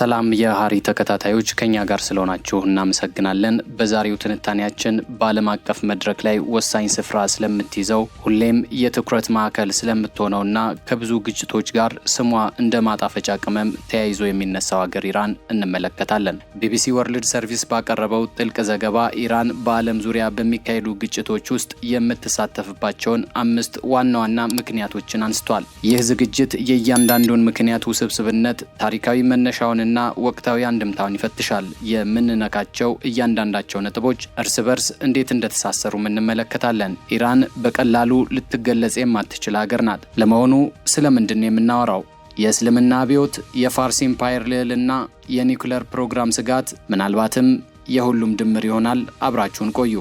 ሰላም የሐሪ ተከታታዮች ከኛ ጋር ስለሆናችሁ እናመሰግናለን። በዛሬው ትንታኔያችን በዓለም አቀፍ መድረክ ላይ ወሳኝ ስፍራ ስለምትይዘው ሁሌም የትኩረት ማዕከል ስለምትሆነውና ከብዙ ግጭቶች ጋር ስሟ እንደ ማጣፈጫ ቅመም ተያይዞ የሚነሳው ሀገር ኢራን እንመለከታለን። ቢቢሲ ወርልድ ሰርቪስ ባቀረበው ጥልቅ ዘገባ ኢራን በዓለም ዙሪያ በሚካሄዱ ግጭቶች ውስጥ የምትሳተፍባቸውን አምስት ዋና ዋና ምክንያቶችን አንስቷል። ይህ ዝግጅት የእያንዳንዱን ምክንያት ውስብስብነት ታሪካዊ መነሻውን ይዘቱንና ወቅታዊ አንድምታውን ይፈትሻል። የምንነካቸው እያንዳንዳቸው ነጥቦች እርስ በርስ እንዴት እንደተሳሰሩም እንመለከታለን። ኢራን በቀላሉ ልትገለጽ የማትችል ሀገር ናት። ለመሆኑ ስለምንድን የምናወራው? የእስልምና አብዮት፣ የፋርስ ኢምፓየር ልዕልና፣ የኒውክለር ፕሮግራም ስጋት፣ ምናልባትም የሁሉም ድምር ይሆናል። አብራችሁን ቆዩ።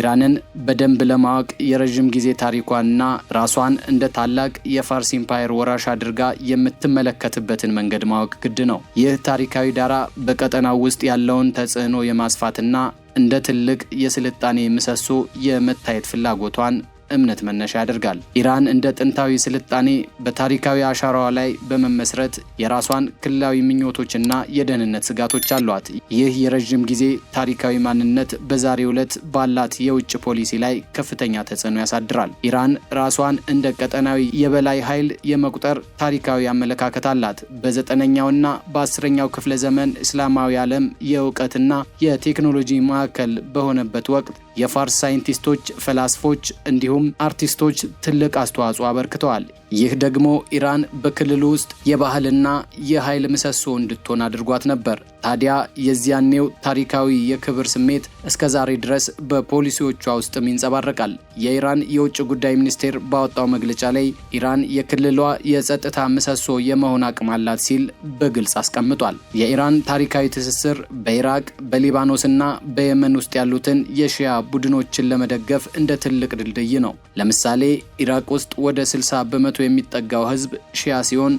ኢራንን በደንብ ለማወቅ የረዥም ጊዜ ታሪኳንና ራሷን እንደ ታላቅ የፋርስ ኢምፓየር ወራሽ አድርጋ የምትመለከትበትን መንገድ ማወቅ ግድ ነው። ይህ ታሪካዊ ዳራ በቀጠናው ውስጥ ያለውን ተጽዕኖ የማስፋትና እንደ ትልቅ የስልጣኔ ምሰሶ የመታየት ፍላጎቷን እምነት መነሻ ያደርጋል። ኢራን እንደ ጥንታዊ ስልጣኔ በታሪካዊ አሻራዋ ላይ በመመስረት የራሷን ክልላዊ ምኞቶችና የደህንነት ስጋቶች አሏት። ይህ የረዥም ጊዜ ታሪካዊ ማንነት በዛሬ ዕለት ባላት የውጭ ፖሊሲ ላይ ከፍተኛ ተጽዕኖ ያሳድራል። ኢራን ራሷን እንደ ቀጠናዊ የበላይ ኃይል የመቁጠር ታሪካዊ አመለካከት አላት። በዘጠነኛውና በአስረኛው ክፍለ ዘመን እስላማዊ ዓለም የእውቀትና የቴክኖሎጂ ማዕከል በሆነበት ወቅት የፋርስ ሳይንቲስቶች፣ ፈላስፎች እንዲሁም አርቲስቶች ትልቅ አስተዋጽኦ አበርክተዋል። ይህ ደግሞ ኢራን በክልሉ ውስጥ የባህልና የኃይል ምሰሶ እንድትሆን አድርጓት ነበር። ታዲያ የዚያኔው ታሪካዊ የክብር ስሜት እስከ ዛሬ ድረስ በፖሊሲዎቿ ውስጥም ይንጸባረቃል። የኢራን የውጭ ጉዳይ ሚኒስቴር ባወጣው መግለጫ ላይ ኢራን የክልሏ የጸጥታ ምሰሶ የመሆን አቅም አላት ሲል በግልጽ አስቀምጧል። የኢራን ታሪካዊ ትስስር በኢራቅ በሊባኖስና በየመን ውስጥ ያሉትን የሺያ ቡድኖችን ለመደገፍ እንደ ትልቅ ድልድይ ነው። ለምሳሌ ኢራቅ ውስጥ ወደ 60 በመቶ የሚጠጋው ህዝብ ሺያ ሲሆን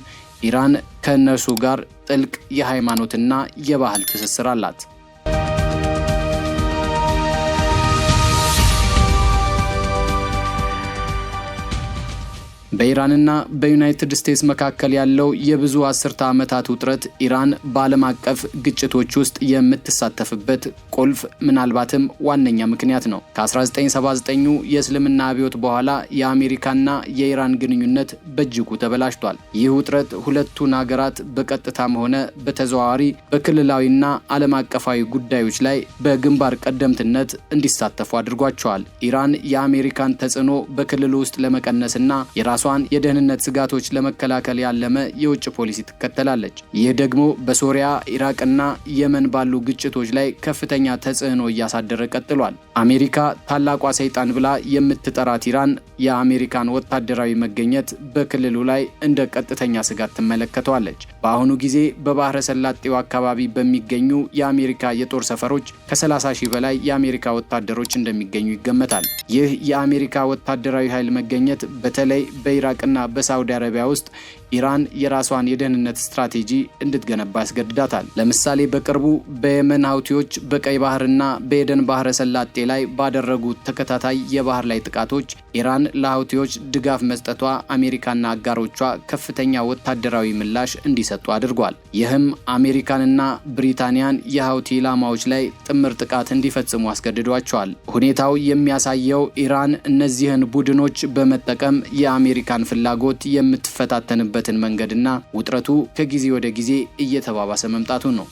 ኢራን ከእነርሱ ጋር ጥልቅ የሃይማኖትና የባህል ትስስር አላት። በኢራንና በዩናይትድ ስቴትስ መካከል ያለው የብዙ አስርተ ዓመታት ውጥረት ኢራን በዓለም አቀፍ ግጭቶች ውስጥ የምትሳተፍበት ቁልፍ ምናልባትም ዋነኛ ምክንያት ነው። 1979 የእስልምና አብዮት በኋላ የአሜሪካና የኢራን ግንኙነት በእጅጉ ተበላሽቷል። ይህ ውጥረት ሁለቱን አገራት በቀጥታም ሆነ በተዘዋዋሪ በክልላዊና ዓለም አቀፋዊ ጉዳዮች ላይ በግንባር ቀደምትነት እንዲሳተፉ አድርጓቸዋል። ኢራን የአሜሪካን ተጽዕኖ በክልሉ ውስጥ ለመቀነስና የራሷ የሀገሪቷን የደህንነት ስጋቶች ለመከላከል ያለመ የውጭ ፖሊሲ ትከተላለች። ይህ ደግሞ በሶሪያ ኢራቅና የመን ባሉ ግጭቶች ላይ ከፍተኛ ተጽዕኖ እያሳደረ ቀጥሏል። አሜሪካ ታላቋ ሰይጣን ብላ የምትጠራት ኢራን የአሜሪካን ወታደራዊ መገኘት በክልሉ ላይ እንደ ቀጥተኛ ስጋት ትመለከተዋለች። በአሁኑ ጊዜ በባህረ ሰላጤው አካባቢ በሚገኙ የአሜሪካ የጦር ሰፈሮች ከ30 ሺህ በላይ የአሜሪካ ወታደሮች እንደሚገኙ ይገመታል። ይህ የአሜሪካ ወታደራዊ ኃይል መገኘት በተለይ በ በኢራቅና በሳውዲ አረቢያ ውስጥ ኢራን የራሷን የደህንነት ስትራቴጂ እንድትገነባ ያስገድዳታል። ለምሳሌ በቅርቡ በየመን ሀውቲዎች በቀይ ባህርና በኤደን ባህረ ሰላጤ ላይ ባደረጉት ተከታታይ የባህር ላይ ጥቃቶች ኢራን ለሀውቲዎች ድጋፍ መስጠቷ አሜሪካና አጋሮቿ ከፍተኛ ወታደራዊ ምላሽ እንዲሰጡ አድርጓል። ይህም አሜሪካንና ብሪታንያን የሀውቲ ኢላማዎች ላይ ጥምር ጥቃት እንዲፈጽሙ አስገድዷቸዋል። ሁኔታው የሚያሳየው ኢራን እነዚህን ቡድኖች በመጠቀም የአሜሪካን ፍላጎት የምትፈታተንበት ያለበትን መንገድና ውጥረቱ ከጊዜ ወደ ጊዜ እየተባባሰ መምጣቱን ነው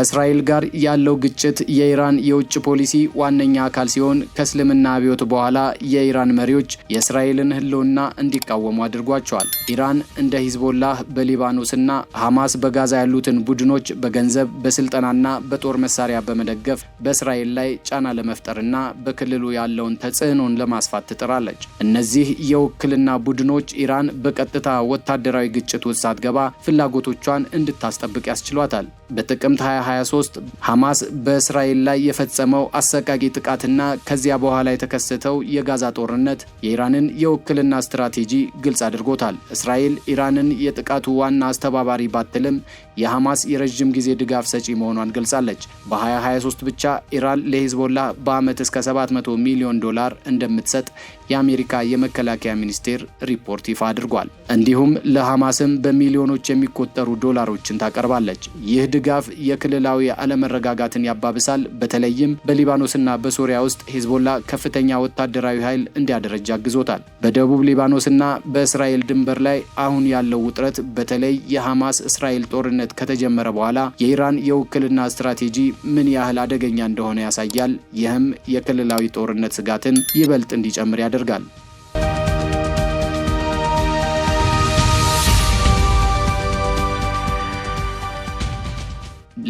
ከእስራኤል ጋር ያለው ግጭት የኢራን የውጭ ፖሊሲ ዋነኛ አካል ሲሆን ከእስልምና አብዮት በኋላ የኢራን መሪዎች የእስራኤልን ሕልውና እንዲቃወሙ አድርጓቸዋል። ኢራን እንደ ሂዝቦላህ በሊባኖስና ሐማስ በጋዛ ያሉትን ቡድኖች በገንዘብ በስልጠናና በጦር መሳሪያ በመደገፍ በእስራኤል ላይ ጫና ለመፍጠርና በክልሉ ያለውን ተጽዕኖን ለማስፋት ትጥራለች። እነዚህ የውክልና ቡድኖች ኢራን በቀጥታ ወታደራዊ ግጭት ውስጥ ሳትገባ ፍላጎቶቿን እንድታስጠብቅ ያስችሏታል። በጥቅምት 2023 ሐማስ በእስራኤል ላይ የፈጸመው አሰቃቂ ጥቃትና ከዚያ በኋላ የተከሰተው የጋዛ ጦርነት የኢራንን የውክልና ስትራቴጂ ግልጽ አድርጎታል። እስራኤል ኢራንን የጥቃቱ ዋና አስተባባሪ ባትልም የሐማስ የረዥም ጊዜ ድጋፍ ሰጪ መሆኗን ገልጻለች። በ2023 ብቻ ኢራን ለሂዝቦላ በዓመት እስከ 700 ሚሊዮን ዶላር እንደምትሰጥ የአሜሪካ የመከላከያ ሚኒስቴር ሪፖርት ይፋ አድርጓል። እንዲሁም ለሐማስም በሚሊዮኖች የሚቆጠሩ ዶላሮችን ታቀርባለች። ይህ ድጋፍ የክ ክልላዊ አለመረጋጋትን ያባብሳል። በተለይም በሊባኖስና በሶሪያ ውስጥ ሂዝቦላ ከፍተኛ ወታደራዊ ኃይል እንዲያደረጅ አግዞታል። በደቡብ ሊባኖስና በእስራኤል ድንበር ላይ አሁን ያለው ውጥረት በተለይ የሐማስ እስራኤል ጦርነት ከተጀመረ በኋላ የኢራን የውክልና ስትራቴጂ ምን ያህል አደገኛ እንደሆነ ያሳያል። ይህም የክልላዊ ጦርነት ስጋትን ይበልጥ እንዲጨምር ያደርጋል።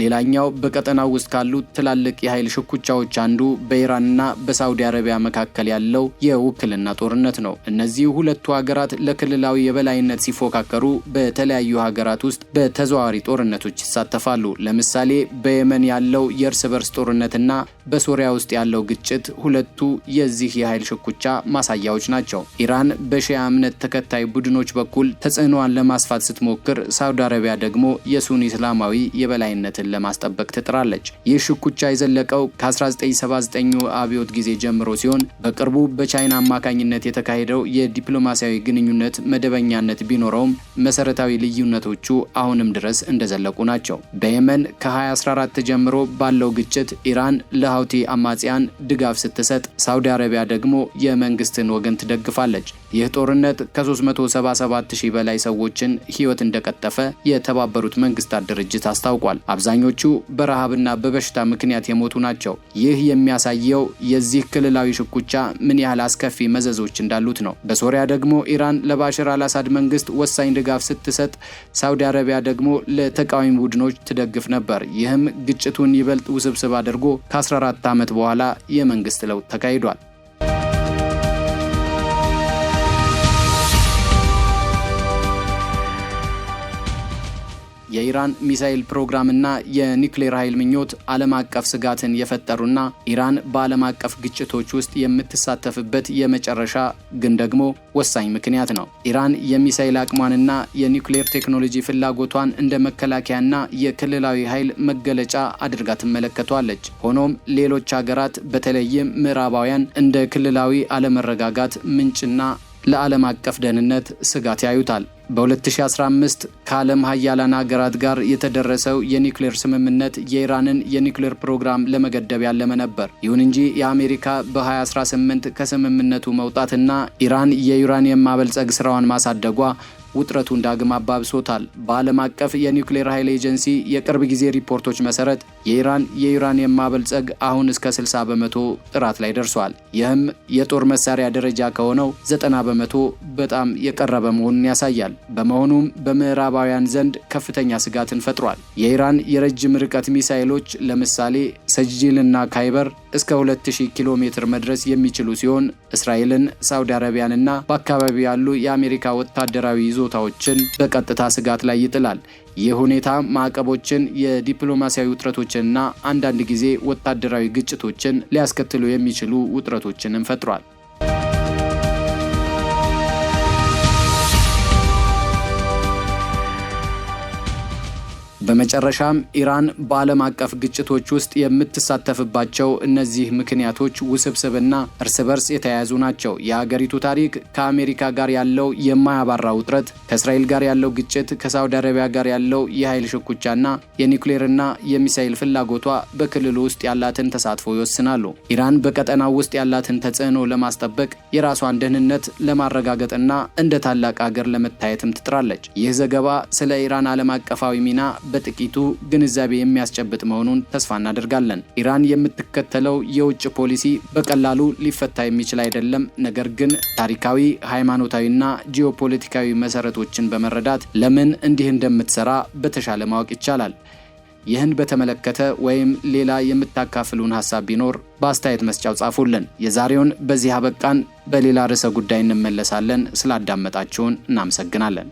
ሌላኛው በቀጠናው ውስጥ ካሉ ትላልቅ የኃይል ሽኩቻዎች አንዱ በኢራንና በሳውዲ አረቢያ መካከል ያለው የውክልና ጦርነት ነው። እነዚህ ሁለቱ ሀገራት ለክልላዊ የበላይነት ሲፎካከሩ በተለያዩ ሀገራት ውስጥ በተዘዋዋሪ ጦርነቶች ይሳተፋሉ። ለምሳሌ በየመን ያለው የእርስ በርስ ጦርነትና በሶሪያ ውስጥ ያለው ግጭት ሁለቱ የዚህ የኃይል ሽኩቻ ማሳያዎች ናቸው። ኢራን በሺያ እምነት ተከታይ ቡድኖች በኩል ተጽዕኖዋን ለማስፋት ስትሞክር፣ ሳውዲ አረቢያ ደግሞ የሱኒ እስላማዊ የበላይነትን ለማስጠበቅ ትጥራለች። ይህ ሽኩቻ የዘለቀው ከ1979 አብዮት ጊዜ ጀምሮ ሲሆን በቅርቡ በቻይና አማካኝነት የተካሄደው የዲፕሎማሲያዊ ግንኙነት መደበኛነት ቢኖረውም መሰረታዊ ልዩነቶቹ አሁንም ድረስ እንደዘለቁ ናቸው። በየመን ከ2014 ጀምሮ ባለው ግጭት ኢራን ለ ለሀውቲ አማጽያን ድጋፍ ስትሰጥ፣ ሳውዲ አረቢያ ደግሞ የመንግስትን ወገን ትደግፋለች። ይህ ጦርነት ከ377 ሺህ በላይ ሰዎችን ሕይወት እንደቀጠፈ የተባበሩት መንግስታት ድርጅት አስታውቋል። አብዛኞቹ በረሃብና በበሽታ ምክንያት የሞቱ ናቸው። ይህ የሚያሳየው የዚህ ክልላዊ ሽኩቻ ምን ያህል አስከፊ መዘዞች እንዳሉት ነው። በሶሪያ ደግሞ ኢራን ለባሽር አልአሳድ መንግስት ወሳኝ ድጋፍ ስትሰጥ፣ ሳውዲ አረቢያ ደግሞ ለተቃዋሚ ቡድኖች ትደግፍ ነበር። ይህም ግጭቱን ይበልጥ ውስብስብ አድርጎ ከ14 ዓመት በኋላ የመንግስት ለውጥ ተካሂዷል። የኢራን ሚሳኤል ፕሮግራምና የኒውክሌር ኃይል ምኞት ዓለም አቀፍ ስጋትን የፈጠሩና ኢራን በዓለም አቀፍ ግጭቶች ውስጥ የምትሳተፍበት የመጨረሻ ግን ደግሞ ወሳኝ ምክንያት ነው። ኢራን የሚሳኤል አቅሟንና የኒውክሌር ቴክኖሎጂ ፍላጎቷን እንደ መከላከያና የክልላዊ ኃይል መገለጫ አድርጋ ትመለከቷለች። ሆኖም ሌሎች ሀገራት በተለይም ምዕራባውያን እንደ ክልላዊ አለመረጋጋት ምንጭና ለዓለም አቀፍ ደህንነት ስጋት ያዩታል። በ2015 ከዓለም ሀያላን ሀገራት ጋር የተደረሰው የኒውክሌር ስምምነት የኢራንን የኒክሌር ፕሮግራም ለመገደብ ያለመ ነበር። ይሁን እንጂ የአሜሪካ በ2018 ከስምምነቱ መውጣትና ኢራን የዩራኒየም ማበልጸግ ስራዋን ማሳደጓ ውጥረቱን ዳግም አባብሶታል። በዓለም አቀፍ የኒውክሌር ኃይል ኤጀንሲ የቅርብ ጊዜ ሪፖርቶች መሰረት የኢራን የዩራኒየም ማበልጸግ አሁን እስከ 60 በመቶ ጥራት ላይ ደርሷል። ይህም የጦር መሳሪያ ደረጃ ከሆነው 90 በመቶ በጣም የቀረበ መሆኑን ያሳያል። በመሆኑም በምዕራባውያን ዘንድ ከፍተኛ ስጋትን ፈጥሯል። የኢራን የረጅም ርቀት ሚሳይሎች ለምሳሌ ሰጅዲልና ካይበር እስከ 2000 ኪሎ ሜትር መድረስ የሚችሉ ሲሆን እስራኤልን፣ ሳውዲ አረቢያንና በአካባቢው ያሉ የአሜሪካ ወታደራዊ ይዞ ይዞታዎችን በቀጥታ ስጋት ላይ ይጥላል። ይህ ሁኔታ ማዕቀቦችን፣ የዲፕሎማሲያዊ ውጥረቶችንና አንዳንድ ጊዜ ወታደራዊ ግጭቶችን ሊያስከትሉ የሚችሉ ውጥረቶችንም ፈጥሯል። በመጨረሻም ኢራን በዓለም አቀፍ ግጭቶች ውስጥ የምትሳተፍባቸው እነዚህ ምክንያቶች ውስብስብና እርስ በርስ የተያያዙ ናቸው። የአገሪቱ ታሪክ ከአሜሪካ ጋር ያለው የማያባራ ውጥረት፣ ከእስራኤል ጋር ያለው ግጭት፣ ከሳውዲ አረቢያ ጋር ያለው የኃይል ሽኩቻና የኒውክሌርና የሚሳይል ፍላጎቷ በክልሉ ውስጥ ያላትን ተሳትፎ ይወስናሉ። ኢራን በቀጠናው ውስጥ ያላትን ተጽዕኖ ለማስጠበቅ የራሷን ደህንነት ለማረጋገጥና እንደ ታላቅ አገር ለመታየትም ትጥራለች። ይህ ዘገባ ስለ ኢራን ዓለም አቀፋዊ ሚና በጥቂቱ ግንዛቤ የሚያስጨብጥ መሆኑን ተስፋ እናደርጋለን። ኢራን የምትከተለው የውጭ ፖሊሲ በቀላሉ ሊፈታ የሚችል አይደለም። ነገር ግን ታሪካዊ፣ ሃይማኖታዊና ጂኦፖለቲካዊ መሰረቶችን በመረዳት ለምን እንዲህ እንደምትሰራ በተሻለ ማወቅ ይቻላል። ይህን በተመለከተ ወይም ሌላ የምታካፍሉን ሀሳብ ቢኖር በአስተያየት መስጫው ጻፉልን። የዛሬውን በዚህ አበቃን። በሌላ ርዕሰ ጉዳይ እንመለሳለን። ስላዳመጣችሁን እናመሰግናለን።